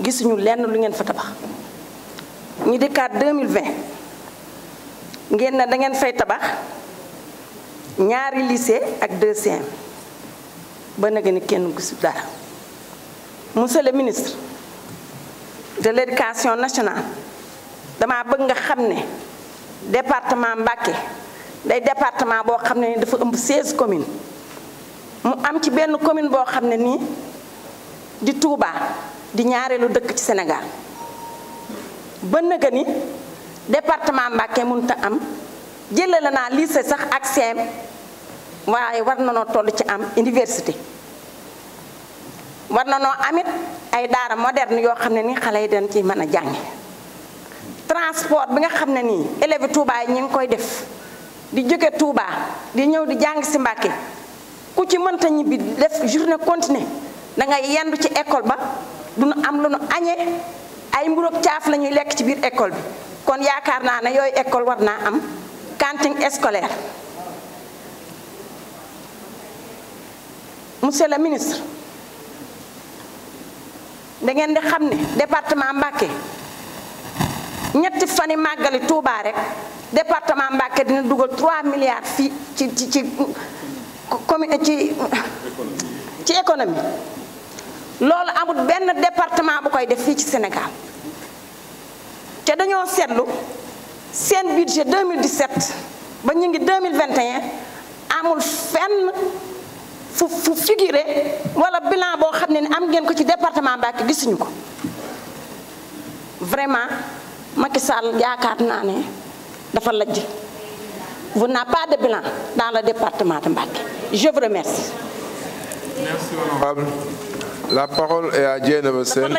gisuñu lenn lu ngeen fa tabax ñu dikkaat 2020 ngeen ne da ngeen fay tabax ñaari lycée ak deux CM ba nag ni kenn gisu dara monsieur ministre de l'éducation nationale dama bëgg nga xam ne département Mbacké day département boo xam ne ni dafa ëmb 16 commune mu am ci benn commune boo xam ne nii di Touba. di lu dëkk ci Sénégal ba nëgë ni département Mbacké mënut am jëlale na lycée sax ak CM waye war na noo toll ci am université war na amit ay daara moderne yo xamné ni xalé yi dañ ci mëna transport bi nga xamné ni élève Touba yi koy def di jóge Touba di ñëw di jàng si Mbacké ku ci mënta ñibi def journée continue da nga yandu ci école ba du nu am lu nu añee ay mburoog caaf la ñuy lekk ci biir école bi kon yaakaar naa ne yooyu école war naa am cantine scolaire monsieur le ministre da ngeen di xam ne département Mbacké ñetti fani màggali Touba rek département Mbacké dina dugal 3 milliards fii ci ci ci commune ci ci économie loolu amul benn département bu koy def fii ci Sénégal te dañoo seetlu seen budget 2017 ba ñu ngi 2021 amul fenn fu fu figuré wala bilan boo xam ne ni am ngeen ko ci département Mbacké gisuñu ko vraiment Macky Sall yaakaar naa ne dafa lajj vous n'avez pas de bilan dans le département de Mbacké je vous La parole est à Jane Nevesen.